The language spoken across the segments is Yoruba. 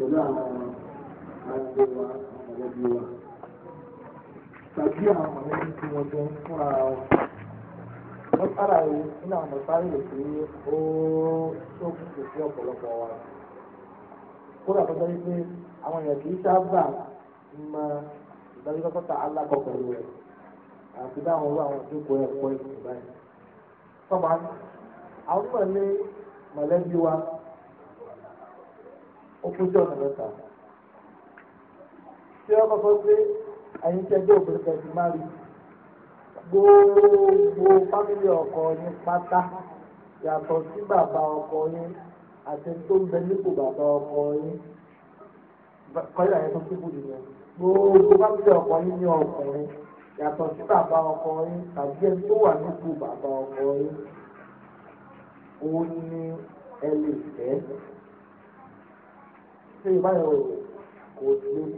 pẹ̀lú àwọn àgbẹ̀ wa mọ̀lẹ́bí wa tàbí àwọn mọ̀lẹ́bí tí wọ́n jọ ń fúnra wọn. wọ́n sára yìí nínú àwọn mọ̀sáré rẹ̀ pé ó ṣókùnkùn sí ọ̀pọ̀lọpọ̀ wa. kódà tó dájú pé àwọn èèyàn kì í sábà mọ ìdájọ́ pátá alákọ̀ọ́kọ̀ rẹ̀ àti dáhùn owó àwọn ìjókòó ẹ̀kọ́ ìgbà yìí. tọ́ba àwọn mọ̀lẹ́bí wa ó kú sí ọ̀nà mẹ́ta tí wọ́n kọ́kọ́ gbé ẹ̀yin tí ẹgbẹ́ òbí kẹ̀sì máa rí gbogbo fámìlì ọkọ yín pátá yàtọ̀ sí bàbá ọkọ yín àti tó ń bẹ nípò bàbá ọkọ yín kọ́lá yẹn tó kíkù nìyẹn gbogbo fámìlì ọkọ yín ní ọkùnrin yàtọ̀ sí bàbá ọkọ yín tàbí ẹni tó wà nípò bàbá ọkọ yín òun ni ẹ lè fẹ́. ṣé ìbáyọ̀ kò lè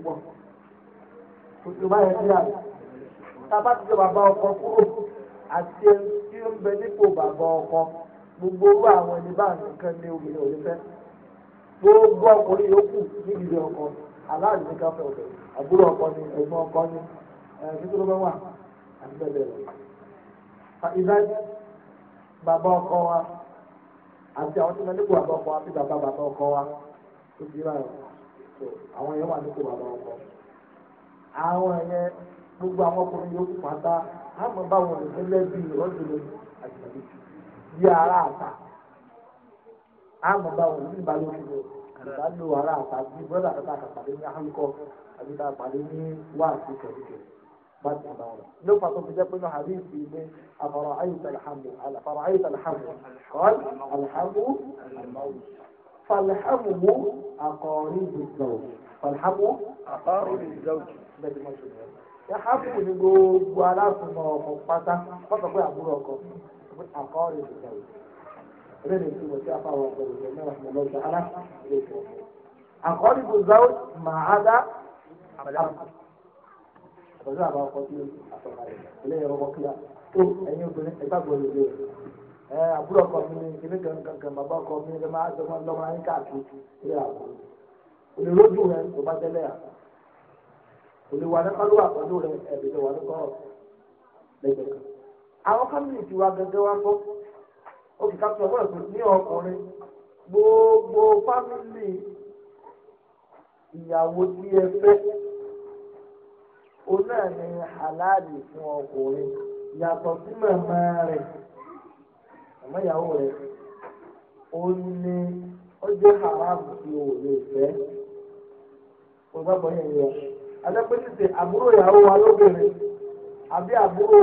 pọ̀ tuntun báyọ̀ sí tábà bàbá ọkọ kúrò àti ẹni tí bàbá ọkọ gbogbo owó àwọn ẹni bá nìkan ní obìnrin fẹ́ gbogbo ọkùnrin yòókù níbi ọkọ aláàlú ní káfẹ́ àbúrò ọkọ ni ẹ̀gbọ́n ni bá wà àti tó bí báyìí tó àwọn yẹn wà nípò bàbá ọkọ àwọn yẹn gbogbo àwọn ọkùnrin yòókù pátá àmọ́ báwọn ò ní lẹ́bi ìrọ́jòlè àjùmọ̀lẹ́ bí ara àta àmọ́ báwọn ò ní ìbálòpọ̀ àgbàdo ara àta bí bọ́dà kàtà kàpàdé ní àhàlùkọ àbí tá a pàdé ní wáàsí kẹ̀kẹ́ ló pàtó fi jẹ́ pé ní hadith yìí pé àfàrà àyùtà alhamdu àfàrà àyùtà alhamdu kọ́ alhamdu àlùmáwù. فالحمه أقارب الزوج فالحمه أقارب الزوج يحبه نقول ولا سمو مقطع فقط أقول لكم أقارب الزوج رمي في وشافة وقل الله رحمه الله تعالى أقارب الزوج ما عدا الأرض فذهب أقارب الزوج إليه ربك لا أيها البنات أتاك ولديه ẹ àbúrò ọkọ mi ní kíní kankan bàbá ọkọ mi ní máa jọmọ lọmọ ayé káàkiri ilé àbúrò onírúurú rẹ kò bá tẹ́lẹ̀ à olùwà ní kọlù wà pẹ̀lú rẹ ẹbí lè wà ní kọ lẹ́gbẹ̀ẹ́ kan àwọn kámìlì ti wá gẹ́gẹ́ wá fọ ó kì í ká tó ọgbọ́n ẹ̀kọ́ ní ọkùnrin gbogbo fámìlì ìyàwó tí ẹ fẹ́ òun náà ní fún ọkùnrin yàtọ̀ sí màmá rẹ̀ àmọ́ ìyàwó rẹ̀ ó ní ó jẹ́ haramu tí o lè fẹ́ kó o bá bọ́ yẹn yẹ adẹ́pẹ́ tètè àbúrò ìyàwó wa lóbìnrin àbí àbúrò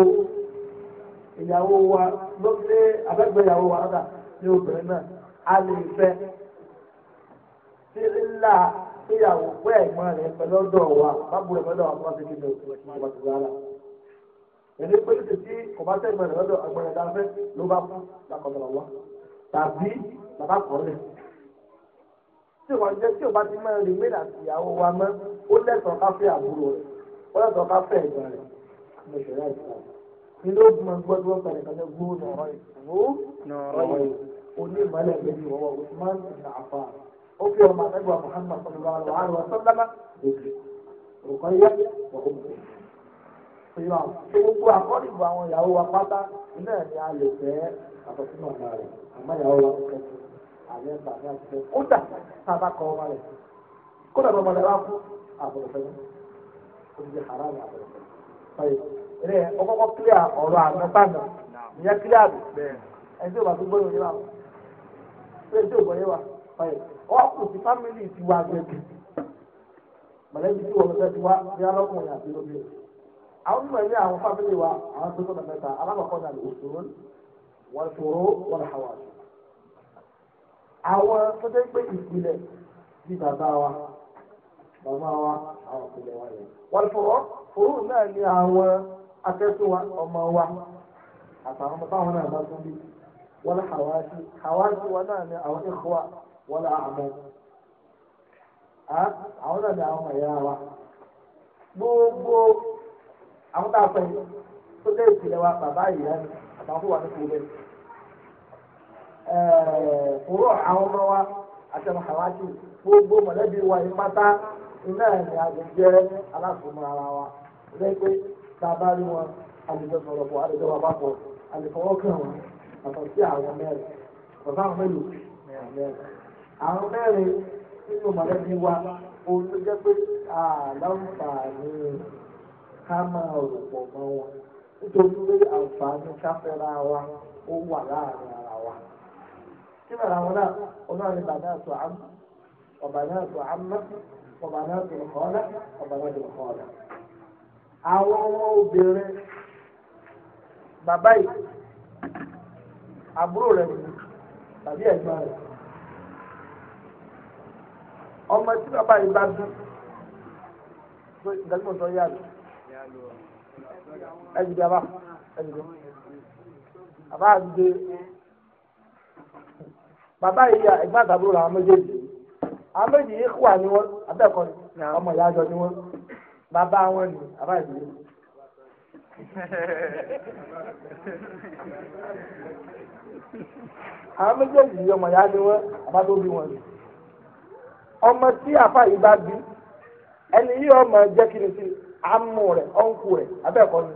ìyàwó wa lọ́sẹ̀ abẹ́gbẹ́ ìyàwó wa rárá ní obìnrin náà a lè fẹ́ sí ńlá ìyàwó pé ẹ̀gbọ́n rẹ̀ pẹ̀lú ọ̀dọ̀ wa bábù rẹ̀ pẹ̀lú àwọn ọmọ tuntun ní òkú ẹ̀kọ́ ẹni pé ní tètè ọba tẹ ìmọ̀ ìrọ̀lẹ́ agbọ̀nrẹ̀ tá a fẹ́ ló bá fún lakọ̀tọ̀lọ̀ wá tàbí bàbá kan lẹ̀. tí ìwà jẹ́ tí ọba ti máa rí mẹ́rin àti ìyàwó wa mọ́ ó lẹ́tọ̀ọ́ ká fẹ́ àbúrò rẹ̀ ó lẹ́tọ̀ọ́ ká fẹ́ ẹ̀gbọ́n rẹ̀ ní ìṣẹ̀lẹ̀ àìsàn. ní ló mọ gbọ́dọ̀ pẹ̀lẹ́ kan gbó nọ̀rọ̀ yìí Muhammad sallallahu alaihi wa pẹ̀lú tó gbogbo àwọn ìyàwó wa pátá iná ẹ̀ ni a lè fẹ́ àtọ̀ fún rẹ̀ àmọ́ ìyàwó wa kò fẹ́ àlẹ́ ń bà ní àti kódà tá kọ ọmọ rẹ̀ kódà kú ní hàrá ní ọ̀rọ̀ ìyá ẹni tí o bá tó wa ẹni tí o wa fámìlì ti wá gbẹ̀gbẹ̀ mọ̀lẹ́bí tí àwọn mímọ̀ ní àwọn fábílì wa àwọn tó tọ́nà mẹ́ta alábàkọ́ ní àlè òṣòro wọ́n ṣòro wọ́n hàwà ṣù. àwọn tó jẹ́ pé ìpìlẹ̀ bí bàbá wa màmá wa àwọn ìpìlẹ̀ wa yẹn. wọ́n fòrò fòrò náà ní àwọn akẹ́kọ̀ọ́ wa ọmọ wa àtàwọn ọmọ táwọn náà bá tún bí wọ́n hàwà ṣù hàwà ṣù wa náà ní àwọn ìkọ́wà wọ́n àmọ́ àwọn náà ní àwọn ẹ̀yà wa gbogbo. àwọn tá a sọ yìí tó dé ìpìlẹ̀ wa bàbá yìí rẹ̀ àtàwọn tó wà ní kúrò àwọn ọmọ wa àtẹnu gbogbo mọ̀lẹ́bí wa yìí pátá iná ẹ̀mí àgbẹ̀jẹ́ aláfọmọ ara wa lẹ́gbẹ́ tá a bá rí wọn àlejò sọ̀rọ̀ àlejò wa bá pọ̀ àlefọwọ́kàn wọn àtọ̀ sí àwọn mẹ́rin bàbá àwọn ká máa rò pọ̀ mọ́ wọn nítorí pé àǹfààní káfẹ́ra wa ó wà láàrin ara wa. kí ni àwọn náà ọlọ́run bàbá àtọ̀ àmú ọ̀bà àtọ̀ àmú ọ̀bà àtọ̀ ọ̀kọ́lá àtọ̀ ọ̀kọ́lá. àwọn ọmọ obìnrin bàbá yìí àbúrò rẹ̀ nìyí tàbí ọmọ tí bàbá yìí bá yára. ẹ̀jìdì àbá ẹ̀jìdì àbá àdìdè bàbá ìyá ẹ̀gbọ́n àtàbúrò làwọn méjèèjì àwọn méjì yìí kú àní wọn abẹ́ẹ̀kọ́ ọmọ ìyá àjọ ni wọn bàbá wọn ni àbá ìdílé. àwọn méjèèjì yìí ọmọ ìyá ni wọn àbá tó bí wọn ni ọmọ tí àfa yìí bá bí ẹni yìí ọmọ jẹ́ kí ni sí i amú rẹ̀ ọ̀nkù rẹ̀ abẹ́ẹ̀kọ́ ni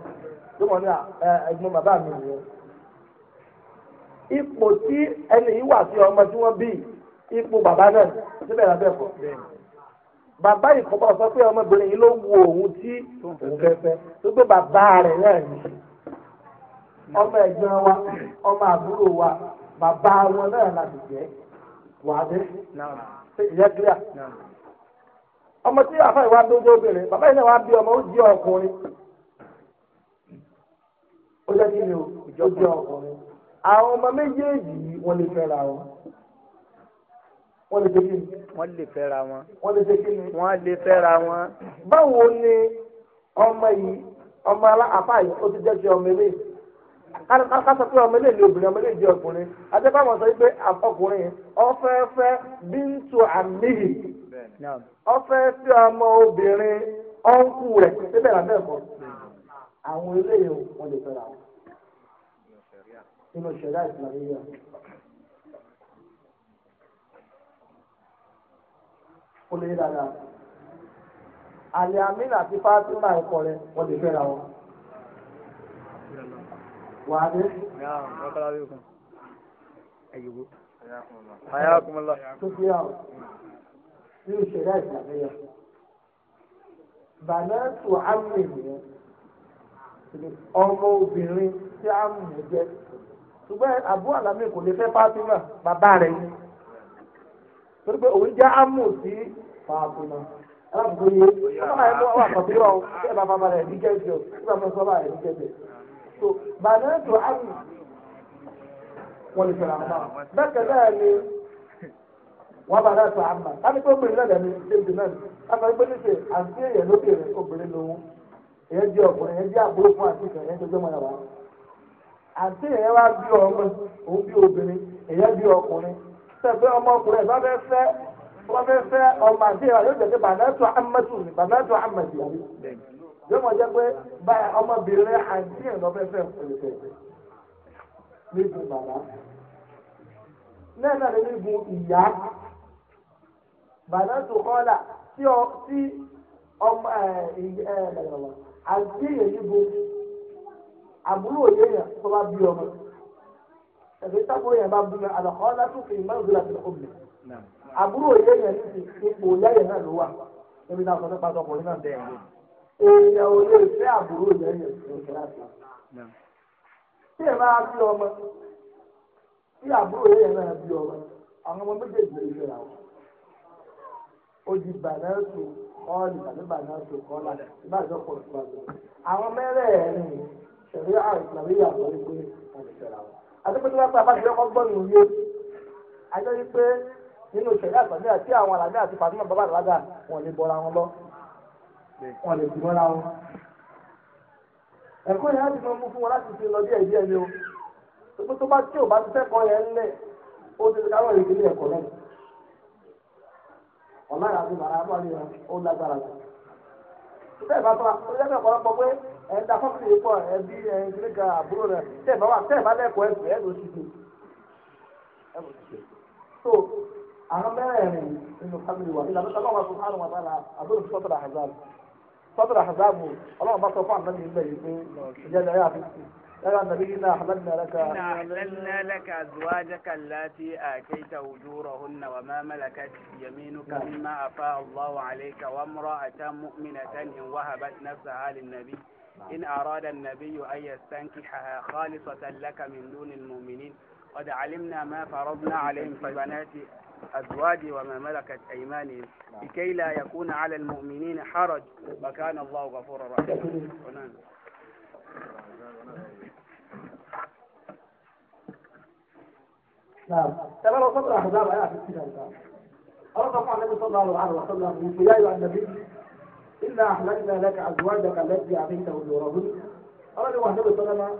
tó mọ̀ ní ẹ̀gbọ́n bàbá mi nìyẹn. ipò tí ẹni yìí wà sí ọmọ tí wọ́n bí ipò bàbá náà síbẹ̀ lábẹ́ẹ̀kọ́. bàbá ìkọ́bọ̀ sọ pé ọmọbìnrin yìí ló wu òun tí òun fẹ́ fẹ́ tó gbé bàbá rẹ̀ náà ní ọmọ ẹ̀gbọ́n wa ọmọ àbúrò wa bàbá wọn náà làbìjẹ́ wàá dé. ìyá kílíà ọmọ tí àfa ìwà dójú obìnrin bàbá yìí náà wá bí ọmọ ó jí ọkùnrin ó jẹ́ kí ni ó jí ọkùnrin àwọn ọmọ méjèèjì yìí wọ́n lè fẹ́ra wọn wọ́n lè ṣe kí ni. wọ́n lè fẹ́ra wọn. wọ́n lè ṣe kí ni. wọ́n lè fẹ́ra wọn. báwo ni ọmọ yìí ọmọ àfa yìí ó ti jẹ́ ti ọmọ eléyìí kásán pé ọmọ eléyìí obìnrin ọmọ eléyìí ọkùnrin àti pé àwọn sọ wípé ọkùnrin ọfẹ́fẹ́ bíntù àmìhì ọfẹ sí ọmọ obìnrin ọńkù rẹ síbẹ̀ náà bẹ́ẹ̀ kọ́ àwọn eléyìí wọn lè fẹ́ra wọn nínú ìṣẹ̀dá ìsìlámíyà. ó lè dáadáa àlè amínà àti Fatima ẹ̀kọ́ rẹ wọ́n lè fẹ́ra wọn. wàá dé. ayakumala. tó fi hàn ní ìṣẹ̀dá ìgbàlẹ́yà bànáàtù àmì nìyẹn ọmọ obìnrin tí àmì yẹn jẹ́ ṣùgbọ́n àbú àlámì kò lè fẹ́ fátímà bàbá rẹ̀ ni torí pé òun jẹ́ àmù sí fátímà alábùkún yé ọmọ yẹn wà pàtó yọ ṣé ẹ bá bàbá rẹ̀ ní jẹ́jẹ́ o ṣé bàbá sọ bá rẹ̀ ní jẹ́jẹ́ so bànáàtù àmì wọ́n lè fẹ́ràn náà bẹ́ẹ̀ kẹ́lẹ́ ni wọn bá náà sọ àmà káni pé obìnrin náà lẹnu ṣéǹdì náà káni pé níṣe àti èèyàn lóbìnrin obìnrin lòun èèyàn jẹ ọkùnrin èèyàn jẹ àbúrò fún àti ìkànnì èèyàn jẹjẹ mọyàwá àti èèyàn wá bí ọmọ òun bí obìnrin èèyàn bí ọkùnrin sẹfẹ ọmọkùnrin ẹ bá fẹ́ fẹ́ wọn fẹ́ fẹ́ ọmọ àti èèyàn yóò jẹjẹ bànátọ amadu ni bànátọ amadu yàrá yóò mọ jẹ pé báyà ọmọbìnrin àti èèyàn lọ fẹ́ fẹ́ bànátù kọ́là tí ọmọ àti èyàn yíbo àbúrò òye yẹn tó bá bí ọmọ ẹ̀fẹ́ sábúrò yẹn bá bí ọmọ àlọ́kọ́lá tó fi ìmọ̀ ìgbéra tó àbúrò òye yẹn ní ti ipò yẹn náà ló wà náà ọkùnrin náà ò lè fẹ́ àbúrò òye yẹn láti tí máa bí ọmọ tí àbúrò òye yẹn náà bí ọmọ àwọn ọmọ méjèèjì lè ó di bànáàtò kọ́ọ̀lì tàbí bànáàtò kọ́ọ̀là ìbáàjọ́ pọ̀ sí wàjú. àwọn mẹ́rẹ̀ẹ̀rin ṣẹ̀rí àìsàrí àbọ̀ wípé wọ́n ti ṣẹ̀ra wọn. àdébótí wọn pé abájọ́ ọkọ̀ gbọ́ mi yé ajọ́ yí pé nínú ṣẹ̀rí àìsàrí àti àwọn àlàdé àti fàtúmọ̀ bàbá àlàdà wọn lè bọ́ra wọn lọ wọn lè bọ́ra wọn. ẹ̀kọ́ yẹn á ti mọ fún wọn láti fi lọ díẹ̀ díẹ̀ ni o tó bá tí ò bá ti fẹ́ kọ́ yẹn lẹ̀ ó ti káwọn ìdílé ẹ̀kọ́ lẹ́yìn. ọ̀lára àti bàrà àbọ̀lì rẹ̀ ó lágbára jù. Tẹ́ bá tọ́ ọ lẹ́gbẹ̀ẹ́ ọ̀pọ̀lọpọ̀ pé ẹ̀ da fọ́ọ̀mù yìí pọ̀ ẹ̀ bí ẹ̀ ń gbé àbúrò rẹ̀ tẹ́ bá wà tẹ́ bá lẹ́kọ̀ọ́ ẹ̀ ló ti dùn. So àwọn nínú fámìlì wa ìlànà la àbúrò sọ́tọ̀rọ̀ àhàzáàbù sọ́tọ̀rọ̀ àhàzáàbù bá sọ fún àná قال النبي إنا أحللنا لك إنا أحللنا لك أزواجك التي آتيت أجورهن وما ملكت يمينك نعم. مما أفاء الله عليك وامرأة مؤمنة إن وهبت نفسها للنبي نعم. إن أراد النبي أن يستنكحها خالصة لك من دون المؤمنين قد علمنا ما فرضنا عليهم في بنات أزواجي وما ملكت أيمانهم نعم. لكي لا يكون على المؤمنين حرج وكان الله غفورا رحيما نعم كما لو صدر أحزاب آيات الكتاب أرضى مع النبي صلى الله عليه وسلم يا أيها النبي إنا أحللنا لك أزواجك التي أعطيت أجورهن أرضى مع النبي صلى الله عليه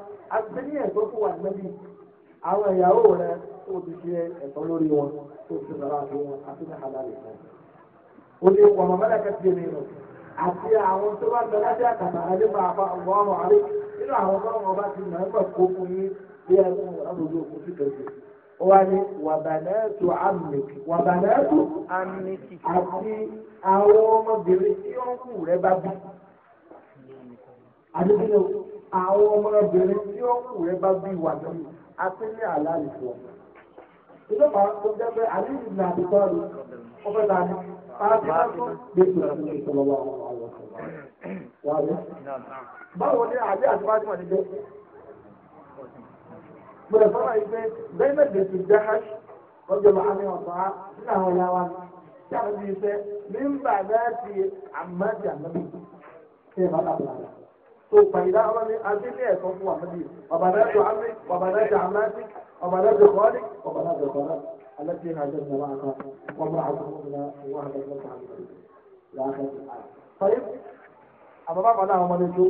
وسلم الدنيا تقوى النبي àwọn ìyàwó rẹ tó ti ṣe ẹ̀tọ́ lórí wọn tó ti sọ̀rọ̀ àti wọn àti ní àlàyé rẹ. ó ní wọn mọ̀ mẹ́lẹ̀kẹ́ ti èmi rẹ̀ àti àwọn tó bá gbẹ lábẹ́ àkàtà ẹni máa fa ọgbọ́n ọmọ àlẹ́ nínú àwọn ọmọ ọba ti mọ̀ ẹ́ mọ̀ kó fún yín bí ẹ ń rọ̀ lójú òkú sí kẹ̀kẹ́ ó wá ní wàbànẹ́ẹ̀tù amìkì wàbànẹ́ẹ̀tù amìkì àti àwọn ọmọbìnrin tí ó ń kù rẹ bá bí. àdébíyẹ àwọn ọmọbìnrin tí ó ń kù rẹ bá bí wà lọ́wọ́ àti ní àlàyé wọn. ìjọba tó jẹ́ pé àlejò ní àdúgbò rẹ̀ ó fẹ́ ta ni pàápàá tó gbé ìlànà ìṣòro wa àwọn ọ̀sán báwo ni àlẹ́ àti bá gbọ́dọ̀ sọ̀rọ̀ yìí pé bẹ́ẹ̀ gẹ̀ẹ́sì jahash lọ́jọ́ bá mi ọ̀sán á nínú àwọn ìyá wa ni tí àwọn ti fẹ́ nígbà náà ti àmàdì àmàdì ṣe é bá dàbọ̀ àlà. tó pàyìlá ọlọ́run ní adé ní ẹ̀kọ́ fún àmàdì bàbá náà tó àmì bàbá náà kọ́ọ́lì bàbá kọ́ọ́lì alẹ́tí ìhàjẹ́ ìjọba àká wọn bá àwọn ọmọ náà wọ́n àgbẹ̀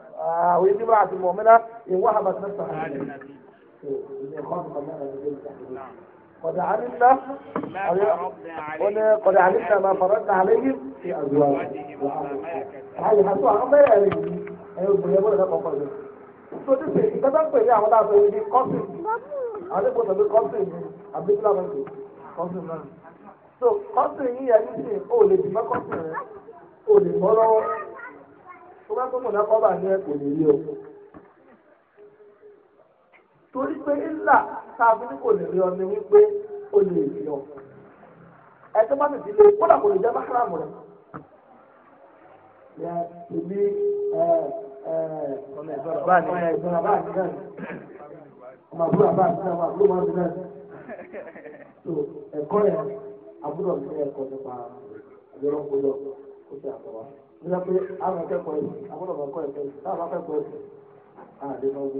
ويجي امرأة مؤمنة إن وهبت نفسها للنبي قد علمنا قد علمنا ما فرضنا عليهم في أزواجهم هاي هتوها أمي عليهم أيوة بيقول لك أفضل so this is ìgbà tó ń pè ní àwọn láti ọ̀rọ̀ ní kọ́sìn àwọn ẹgbẹ́ tàbí kọ́sìn ní abíkúlà mẹ́tò kọ́sìn náà so kọ́sìn yìí yẹn ní sìn ó lè dì mọ́ kọ́sìn rẹ̀ ó lè bọ́ lọ́wọ́ tó bá gbọ́mọ̀ náà kọ́bà ní ẹ̀kọ́ lè rí o. torí pé ńlá táàbí ní kò lè rí ọ ni wípé ó lè rí ọ. ẹ̀tọ́ bá sì ti lè kódà kò lè jẹ́ mákàràmù rẹ̀. ìyá èmi ọmọ ẹ̀gbọ́n bàbá mi ẹ̀gbọ́n bàbá mi náà ọmọ àbúrò bàbá mi náà ọmọ àbúrò bàbá mi náà. ẹ̀kọ́ yẹn àbúrò mi ní ẹ̀kọ́ nípa ìyọ́rọ̀ kó lọ. ó ti àtọwà ó yẹ pé àwọn akẹ́kọ̀ọ́ ẹ̀sìn agbọ́dọ̀ kọ́ ẹ̀kọ́ ẹ̀sìn táwọn akẹ́kọ̀ọ́ ẹ̀sìn àwọn àdé náà wọ́n ti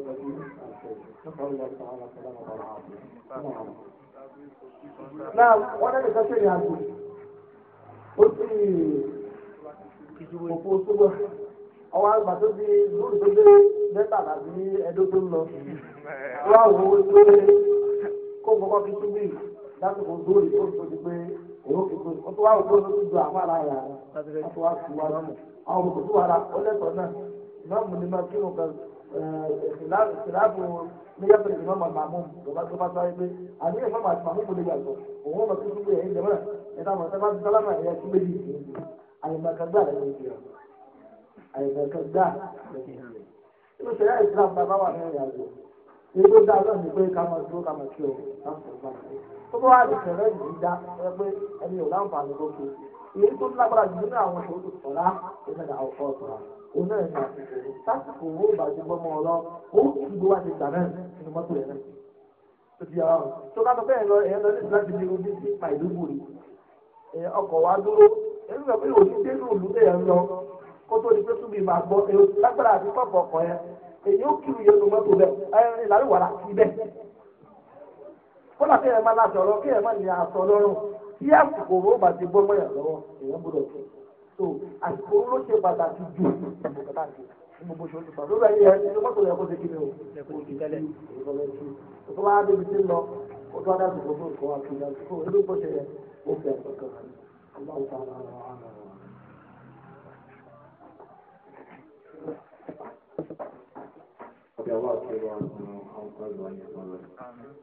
náà wọ́n lẹ́nu kẹ́kẹ́ ìrìn àjò ó ti òpó sógbà ọwọ́ àgbà tó di o tó wá o tó o tó ju àfàlà yà rẹ o tó wá tu wa lọ́mù àwọn kò tó wà rà ó lẹ́tọ̀ náà ìmáàmù ni máa kírun kan ìsìláàbù níyàtọ̀ ìmáàmù àmàmù lọ́ba tó bá sáré pé àní ìmáàmù àti màmú kò lè yàtọ̀ òun ọmọ tó tún bóyá ẹ̀yìn jẹ́mọ́nà ẹ̀ta mọ̀ sábà sálámà ẹ̀yà tó méjì sí i àyèmàkàgbà tó bá wà lè tẹ̀lé yìí dá ẹ pé ẹni ò láǹfààní lókè èyí tó lágbára jù nínú àwọn ìṣòro tó sọ̀rá ìmọ̀lẹ̀ àwọn ọ̀fọ̀ ọ̀sọ̀rá òun náà ní àsìkò sásìkò owó ìbàjẹ́ gbọ́mọ ọlọ́ ó kì í bó wá ti gbà náà nínú mọ́tò rẹ̀ náà tó ti yàrá wọn. tó bá sọ pé ẹ̀rọ ẹ̀rọ ní láti di omi sí pa ìlú gbòòrì ọkọ̀ wa dúró èyí sọ pé òní dénú òlú lẹ́yìn ń lọ kó tó di pé túbí máa gbọ́ lágbára àti pọ̀pọ̀ ọkọ̀ yẹn èyí ó kì kódà kí ẹ má láti ọ̀rọ̀ kí ẹ má ní aṣọ lọ́rùn tí àsìkò owó bá ti bọ́ mọ́yà lọ́wọ́ èèyàn gbọ́dọ̀ tó so àsìkò owó ló ṣe pàtàkì jù ìmọ̀kàtà àti gbogbo ṣe oṣù pàtó lórí ẹni tó mọ́tò yẹ kó ṣe kíni o kó tó bá débi tí ń lọ kó tó adásìkò tó nǹkan àti ìdásìkò olóògbé ṣe yẹ ó fẹ́ ọ̀kan kan ọbẹ̀ wà kí wọ́n àwọn kan lọ ní ọ̀sán lọ.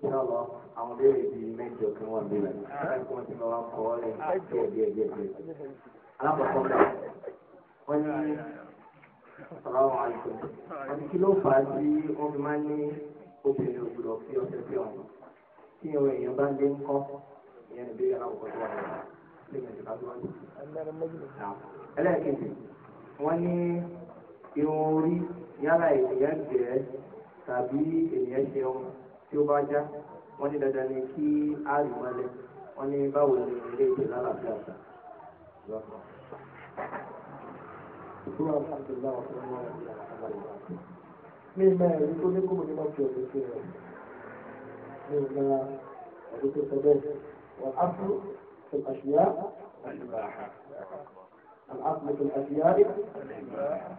Sábà àwọn béèrè bí mẹ́jọ kan wà nílẹ̀. Láti wọ́n ti máa kọ́ ọ́ lẹ̀ díẹ̀ díẹ̀ díẹ̀ díẹ̀. Alákọ̀ọ́kọ́ bá wọ́n ní ọ̀rọ̀ àìsàn. Wọ́n ní kí ló fà á sí omi máa ń ní obìnrin ògbùdọ̀ fi ọ̀sẹ̀ fi ọ̀hún. Tí ìwọ̀n èèyàn bá dé ń kọ́, ìyẹn ni bí alákọ̀ọ́kọ́ tó wà yálà ènìyàn jẹ tàbí ènìyàn ṣeun tí ó bá já wọ́n ní dandan ni kí á rí mọ́lẹ̀ wọ́n ní báwo ni ilé ìjẹ lálàáfíà sà. mi mẹ́ ẹ̀rí tó ní kúrò nígbà tí ọ̀sẹ̀ ṣe rẹ̀ mi ò gba ọdún tó sọ bẹ́ẹ̀ wọ́n á fún الأشياء الإباحة الأصل في الأشياء الإباحة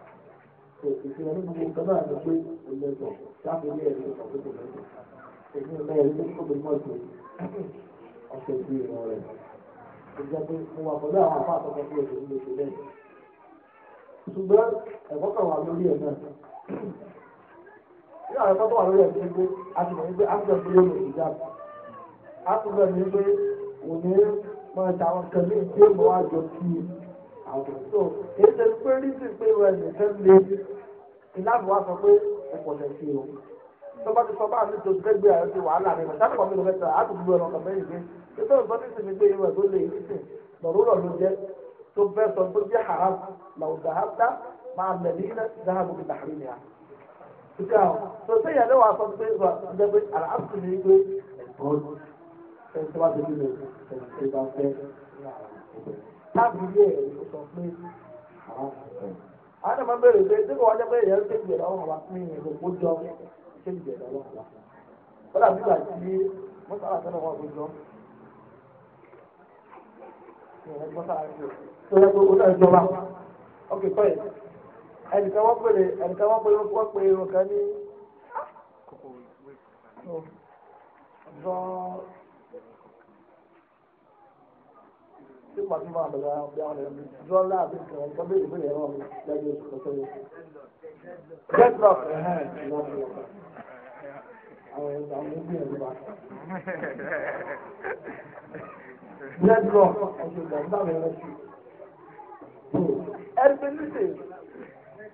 òṣìṣẹ́ wọn nínú nǹkan náà ni pé kò lẹ́tọ̀ láti ilé ẹ̀rí tó kàwé kò lẹ́tọ̀ èmi ò lẹ́yìn tó kọ́ bímọ ìpè ọ̀sẹ̀ ìdí ìran rẹ̀ kò jẹ́ pé mo wà pẹ̀lú àwọn àpá àtọ́kọ́ tí òṣèlú lè ṣe bẹ́ẹ̀. ṣùgbọ́n ẹ̀kọ́ kan wà lórí ẹ̀ náà ní àwọn ẹ̀kọ́ tó wà lórí ẹ̀ ní pé a ti mọ̀ ní pé a ti sọ pé yóò ìjà a ti sọ ní pé òní máa ta àwọn so èyí ṣe pé rísì pé ìwé ẹ̀sìn fẹ́ lé ìlànà wa sọ pé ẹ̀pọ̀ lẹ̀ sí o tó bá ti sọ báà nítorí gbẹ́gbẹ́ ààrẹ ti wàhálà rẹ̀ sábà kọ́ mi lọ mẹ́ta á tún lu ẹ̀rọ kan bẹ́yìn pé tó ń sọ nísìn mi pé ìwé tó lè nísìn lọ́rọ́ lọ́ ló jẹ́ tó fẹ́ sọ pé jẹ́ haram làwọn dàhátà máa lẹ̀ ní dáhàbò bí dàhàrí ni a. Ìṣe àwọn tó ṣe yẹn lẹ́wọ̀ àkọ́ pé ìwà ìjẹ́ pé àlàáfíà ni pé ẹ̀tọ́ ẹ̀ tábìlì ẹ̀ ló sọ pé àwọn ọ̀sẹ̀. àwọn ọ̀sẹ̀ máa ń bèrè pé tí kò wájú pé èèyàn ṣe ìgbẹ̀rẹ̀ ọ̀hún wa ní ìlú kó jọ ṣe ìgbẹ̀rẹ̀ ọ̀hún wa. ó dàbí ìgbà tí mọ́sálà sọ́dọ̀ wọn kò jọ. tó yẹ kó ìjọba ok tọ́yì ẹnìkan wọ́n pèrè ẹnìkan wọ́n pèrè wọ́n pèrè irun kan ní. tí màá tún bá àbẹ̀lẹ̀ àwọn ọmọ ẹ̀mí dúrọ́lá àti ìkànnì nǹkan bí ìwé ẹ̀rọ mi lẹ́yìn oṣù kọ̀ọ̀kan yẹn. Bedrock ẹ̀hẹ́n ti wọ́n mi wọ̀. Àwọn ẹ̀rọ àwọn ẹgbẹ́ ẹ̀rọ bá. Bedrock ọ̀sẹ̀ ìgbà nígbà mi rẹ̀ sí. Ẹ̀rí pé níṣẹ́,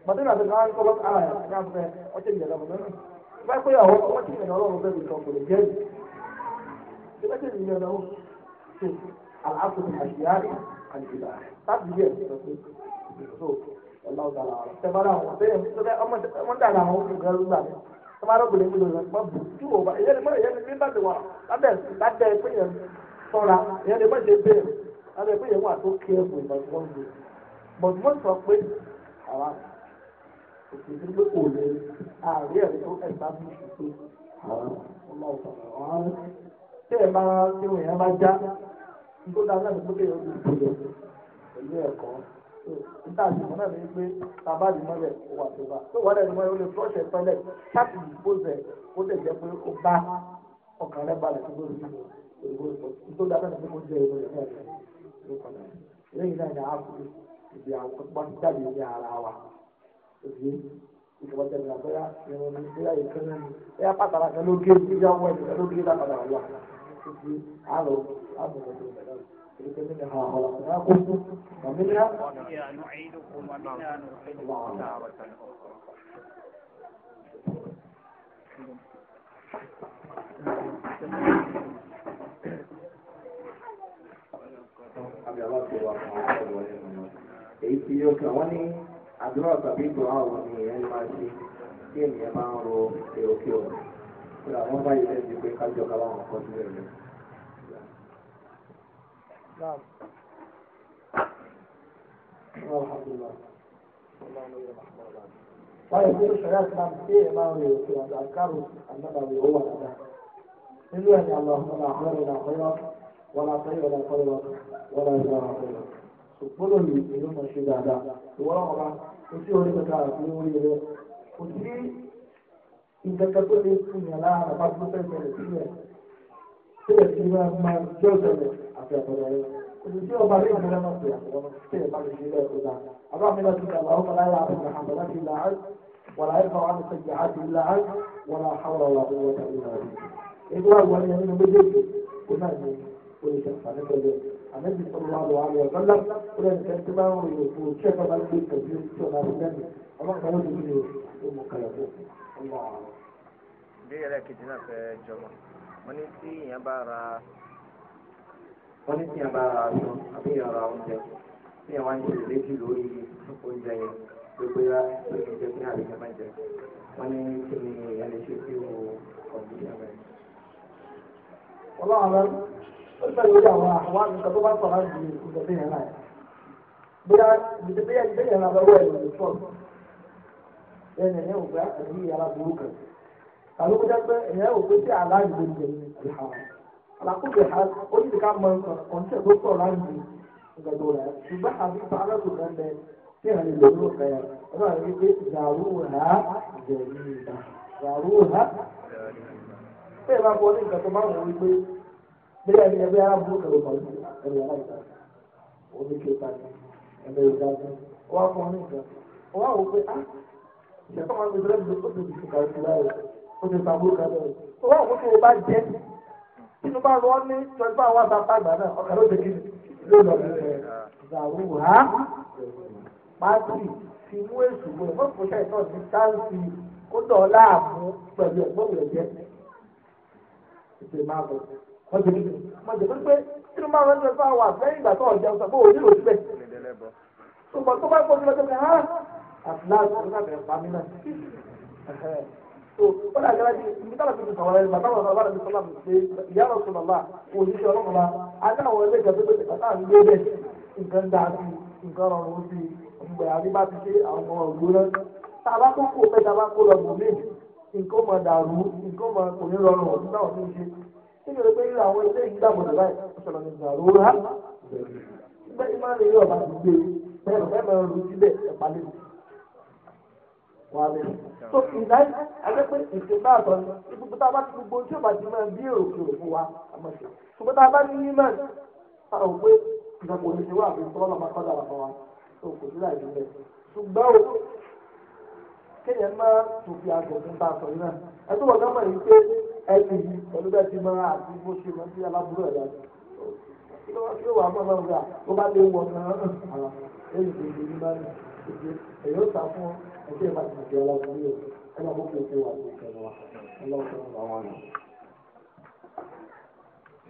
bàtí náà ti ká ń kọ́kọ́ ara ẹ̀ ká fẹ́ ọtí ìyẹ̀dá bọ̀ mẹ́rin. Báyìí pé àwọn ọtí ìyẹ̀dá ọlọ́run fẹ́ mi العبد في الاشياء الجبال طب يجي والله تعالى اعلم تمام هو ده اما ما ده انا هو قال له tọ́mọ́rọ́ gbọ́dọ̀ gbọ́dọ̀ rẹ̀ pọ̀ bù tí o bá ìyá ni mọ́ra ìyá ni nígbà tí wà lábẹ́ lábẹ́ pé yẹn sọ́ra ìyá ni mọ́ra ìbéèrè lábẹ́ pé yẹn wà tó kí ẹ bù ìbàdàn bù but wọ́n sọ pé àwa òkè tí pé kò lè àárí ẹ̀rí tó ẹ̀ta bí ṣùgbọ́n àwọn ọmọ ọ̀sán ọ̀hún tí ẹ̀ bá tí òun yẹn bá já tó dáa náà ní pé kéèyàn ti gbòòrò pẹ̀lú ẹ̀kọ́ níta àtìmọ́ náà ní pé bàbá mi mọ́lẹ̀ ó wà tó bá tó wọ́n ẹni mọ́lẹ̀ ó lè flush ẹ̀ tọ́lẹ̀ láti ìpòsẹ̀ ó lè jẹ́ pé ó bá ọkàn rẹ̀ balẹ̀ tó lórí ìgbòho tó dáa náà ní pé kó jẹ́ ìwé ìfẹ́ rẹ̀ ló padà lẹ́yìn náà ní àákú ìdí àwọn pípa jáde ní ara wa òye ìjọba jẹ̀bi ni bóyá pàtàkì ló gé ìyá wọ̀ ẹ̀ ló gé lápadà wà gbogbo àrò àbùkù خلقناكم ومنها نعيدكم ومنها نخرجكم تارة èyí tí yóò kàn wọ́n ní àdúrà tàbí ìdùnnà àwọn ènìyàn máa ṣe kí ènìyàn máa ń ro èrò kí ọ̀rọ̀ àwọn báyìí lẹ́yìn ti pé kájọ káwọn ọkọ sílẹ̀ rẹ̀. Wọ́n yóò ṣe ṣẹ̀rẹ́ àti àti ṣe máa ń lè ṣe àkàrò àgbàdàwì owó àdá. Nínú ẹ̀yìn àwọn ọmọ náà àwọn ọmọ náà kọ́yọ́ wọn náà sọ́yìn wọn náà kọ́yọ́ wọn náà ìgbà Ṣùgbọ́n lòlù ìlú mọ̀ ṣe dáadáa. Ìwọ́n ọ̀la ojú orí kẹta àti orí rẹ̀ kò sí nǹkan tó lè fún yàn láàrín àbá tó fẹ́ bẹ̀rẹ̀ sílẹ̀ sílẹ̀ tí wọ́n máa jẹ́ òṣèlú àti àtọ̀rọ̀ rẹ̀. Òṣìṣẹ́ ọba rí ìmọ̀lẹ́ náà pè àtọ̀rọ̀ náà tí ẹ̀ bá lè ṣe lẹ́ẹ̀kọ́ dáa. Àbá mi lọ́dún kàlá ọmọ láyà àbùkà àbọ̀lá ti là á wàlá ẹ̀fọ́ wa nìkan jẹ́ àti là á wàlá àwọ̀rọ̀ wa owó ọ̀dà ìlà rẹ̀. Èdè wa wọlé nínú méjèèjì kó náà ní oríṣi àǹfààní pẹ̀lú àmẹ́jì sọ̀rọ̀ wa lọ́wọ́ àlọ́ ọ̀dọ́lá ìbéèrè ẹlẹ́kejì náà fẹ́ jọmọ wọ́n ní tí èèyàn bá ra wọ́n ní tí èèyàn bá ra aṣọ àbí èèyàn ra oúnjẹ tí èèyàn wá ń ṣe ìrètí lórí oúnjẹ yẹn gbogbo ya lórí oúnjẹ tí àlejò máa ń jẹ wọ́n ní kí ni èèyàn lè ṣe sí o ọ̀gbìn ìyàwó ẹ̀. ọlọ́run rẹ ó gbà lórí àwọn àwọn àgbẹ̀kọ̀ tó bá sọ̀rọ̀ ju ìkùnjẹ bí yẹn láì bóyá ìdílé yẹn lọ́wọ́ ẹ̀ lọ́wọ́ ẹ̀ ẹ̀ ẹ̀ lọ́wọ́ ẹ̀ lọ́wọ́ Kalau kó jẹ́ pé ẹ̀yẹ́ ò pé sí aláàjì ló ń jẹ ìhà alákòókè ha ó sì ká mọ ọ̀nṣẹ́ tó sọ̀rọ̀ láǹdì ìgbàgbọ́ rẹ̀ ṣùgbọ́n àbí ipa dulu rẹ̀ Orang ini ìlú ló fẹ́ ọ̀rọ̀ rẹ̀ pé ìdàrú rà jẹ̀ ní ìdà ìdàrú rà. ṣé ìbá bọ́ ní nǹkan tó máa ń wọ wípé bí ẹni ẹgbẹ́ arábùrú kẹrù pàlú ẹ̀rọ aláìsàn òní kéka ẹ̀rọ ìdájọ́ wọ́n á fọ́ ní nǹkan wọ́n á wò pé ó ti sàbúrò kan bẹ̀rẹ̀ tó o bá jẹ́ nínú bá rọ ní twenty four hours after àgbà náà ọkà ló ti kí ló lọ bí ẹ ìdàrú ha pàtì fi mú èsù mú ẹ mọ́ fún ṣe ìtọ́ ní táǹsì kó dọ̀ láàmú pẹ̀lú ẹ̀gbọ́n rẹ̀ jẹ́ ìpè máa bọ̀ wọ́n ti kí wọ́n ti pé nínú bá rọ ní twenty four hours ìgbà tó ọ̀jẹ̀ sọ pé ó dàgbà láti ibi táwọn tuntun sọ̀rọ̀ ẹ̀ bàtà wọn bàtà sọ̀rọ̀ mi ṣe ìyá lọ sọ̀rọ̀ bá òṣìṣẹ́ ọlọ́run bá adáwọn ẹgbẹ́ ìjọba pé bàtà ń gbé bẹ́ẹ̀ nǹkan dáa sí nǹkan rọrùn ó sì ìgbà àbí bá ti ṣe àwọn ọmọ ògbóná tá a bá kó kó pẹ́ tá a bá kó lọ bò mí nǹkan mọ̀ dàrú nǹkan mọ̀ kò ní rọrùn ọ̀dún táwọn tó ń ṣe nínú pé irú àwọn ilé ìgbàgbọ́dọ̀ báyìí ọ̀ṣọ̀rọ̀ ní dàrú rà bẹ́ẹ̀ ni máa ń rí ọ̀bà gbé bẹ́ẹ̀ bẹ́ẹ̀ máa ń rú síbẹ̀ ẹ̀pálẹ́ wà lẹ. so ìdá ẹgbẹ́ pé ìṣèlú àtọ̀ ni ibùdó tá a bá ti gbogbo tí o bá ti máa bí èròkè òfin wa a máa ṣe. ṣùgbọ́n tá a bá ní ní mẹ́rin tá a rò pé ìjọba òní ti wà fún tọ́lọ́ màmá kọ́dà wà fún wa so kò sí láì nílẹ̀. ṣùgbọ́n o kéèyàn máa tòfin àgbẹ̀dún bá a sọ yìí náà ẹ tó wọ́n gbọ́dọ̀ yìí ẹ̀ ẹgbẹ́ ìbá ti jẹ́ ọlọ́run ní òkè ẹgbẹ́ ọkọ̀ kí o ti wà ní ìkẹlẹ̀ wa ọlọ́run tó ń bá wọn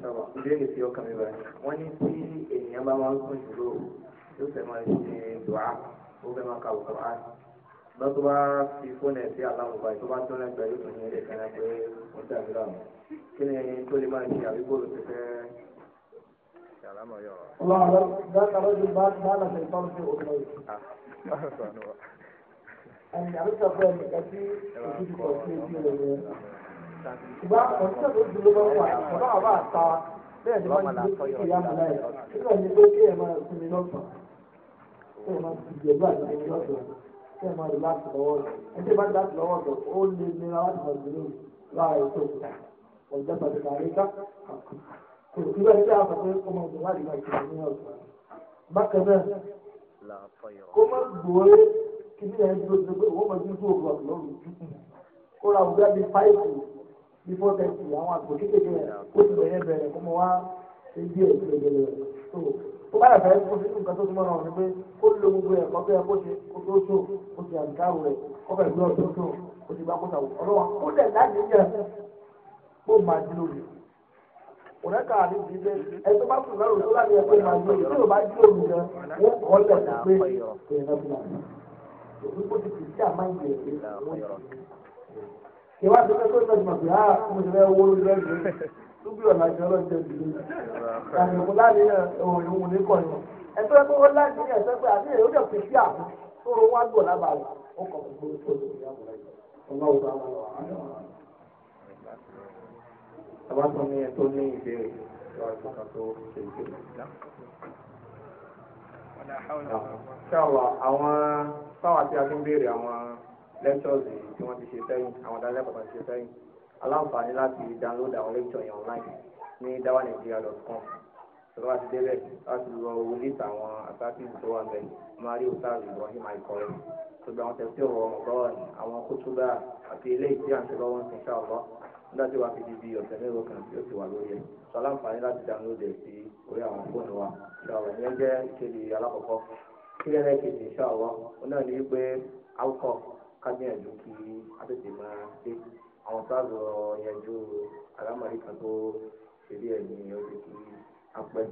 lọ. ìbéèrè tí ọkàn mi bá wọn ní tí ènìyàn bá máa ń sùn jùlọ yóò fẹ́ máa ṣe dùá ó fẹ́ máa ka òkúrọ̀ á lọ tó bá fi fóònù ẹ̀ sí aláwọ̀ báyìí tó bá tó lẹ́gbẹ̀ẹ́ yóò tún ní ẹ̀rẹ́ kan pé ó dàbí láàmú kí ni tó lè máa ṣe àbí bóòlù fẹ́. الله أكبر ذاك رجل بال ما له شيطان في أذنيه àlùsọ fún ẹnìkan tí òjijì kọ̀ sí ojú rẹ̀ yẹn. ṣùgbọ́n ọ̀sẹ̀ tó dúró bá wà bàbá àbá àta bẹ́ẹ̀ ni wọ́n ti gbé ìyá mi láyé nígbà tí ó kí ẹ̀ máa sún mi lọ́sàn kí ẹ̀ máa ti jẹ̀bú àti mi lọ́sàn kí ẹ̀ máa rí láti lọ́wọ́ rẹ̀ ẹ̀jẹ̀ bá láti lọ́wọ́ rẹ̀ ó lè nira láti máa dúró láàárọ̀ ètò bákan náà kó má gbòó kìíní ẹ̀ ń dúró sí pé òun mọ̀jú tó òkú ọ̀gbìn lọ́rùn jù kó ra òun bí fáìfù bí fọ́tẹ̀sì àwọn àgbò kékeré rẹ̀ ó ti bẹ̀rẹ̀ bẹ̀rẹ̀ kó mọ wá ebi ẹ̀ ti bẹ̀rẹ̀ rẹ̀ tó tó bá yàtọ̀ ẹ̀kọ́ sí nǹkan tó túmọ̀ náà ni pé kó lo gbogbo ẹ̀ kọ́ bẹ́ẹ̀ kó ṣe kó tó tó kó ṣe àdìkáwò rẹ̀ kó bẹ̀ gbé ọ̀tún tó kó ti bá kó tàwọ̀ ọlọ́wọ́n kó dẹ̀ láti yẹ kó máa di lórí òun ẹ̀ka àti ìdílé ẹni tó bá kù lọ́rùn tó láti ẹ̀ pé máa di bá di lórí wọ́n kọ́ lẹ̀ pé èèyàn náà fi máa òbí kò ti tìsí àmà ìyẹ̀ ìgbà wọn. ìwádìí pé kó ìtọ́jú màgbé á mo ti fẹ́ owó lórí rẹ̀ lóbi ọ̀nà àti ọlọ́jọ́ ìdílé àmì òkú láàrin òun òun ní kọ́ ìwọ̀n ẹ̀tọ́ ẹ̀kọ́ wọn láti ní ẹ̀sẹ̀ pé àbí èyí ó dẹ̀ tìsí àmà tó ro wá gbọ̀ lábàá ó kọ̀ gbogbo ìtọ́jú ìyàwó rẹ̀ ọ̀gá òkú àwọn ọ̀rọ̀ Abang tu ni ṣáwa àwọn táwa tí a tún béèrè àwọn lectures tí wọ́n ti ṣe sẹ́yìn àwọn ìdánilẹ́kọ̀ọ́ kan ti ṣe sẹ́yìn aláǹfààní láti download àwọn lecture yẹn online ní dawanigeria.com sọlá ti débẹ̀ láti lọ wọlé àwọn asátìsì tó wà bẹ̀ mari utah ibrahim aikore gbogbo àwọn tẹ̀sí ọ̀rọ̀ ọ̀gọ́rin àwọn kútúbà àti ilé ìtí àṣẹ lọ́wọ́ ń nígbà tí wàá fi di bí ọ̀sẹ̀ mẹ́wàá kan tí ó ti wà lórí ẹ̀ sọ láǹfààní láti download ẹ̀ sí orí àwọn fóònù wa ṣàwọ̀ ìyẹn jẹ́ ìkéde alákọ̀ọ́kọ́ kílẹ̀lẹ̀ kejì ṣàwọ̀ ó náà ní pé awúkọ̀ kábíyànjú kí àtẹ̀tẹ̀ máa dé àwọn sáàzọ̀ yanjú alámọ̀rí kan tó ṣe bí ẹ̀yìn ọdún kí apẹ́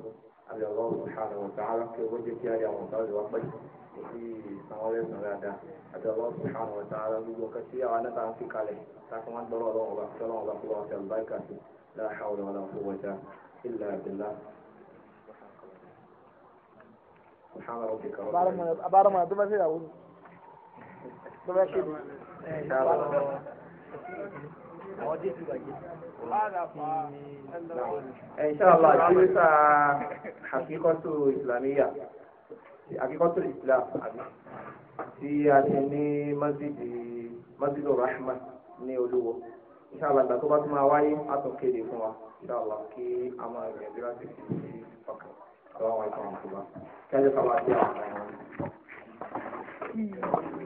àbẹ̀wò ọ̀hún ṣàlọ̀ ọ̀tá kí ìsanwó ẹ̀sán dáadáa àti ọlọ́run tó hàn wọ́n sára gbogbo ọkọ tí àwọn náà fi kalẹ̀ táwọn wọn gbọ́rọ̀ ọlọ́run ọba tí ọlọ́run ọba fúlọ́ ọ̀sẹ̀ àlùbáríkà sí la hawla wala quwwata illa billah. abáràmọ̀ akíkọ́tò islam àti àti ní masjidi masjidu rahman ní olúwo inshallah ìgbà tó bá tún máa wáyé àtúnkéde fún wa inshallah kí a máa gbìyànjú láti fi ọkàn àwọn àwọn ìtàn àtúbà kí a jẹ́ ká wá sí àwọn ọ̀gá ìwọ̀n.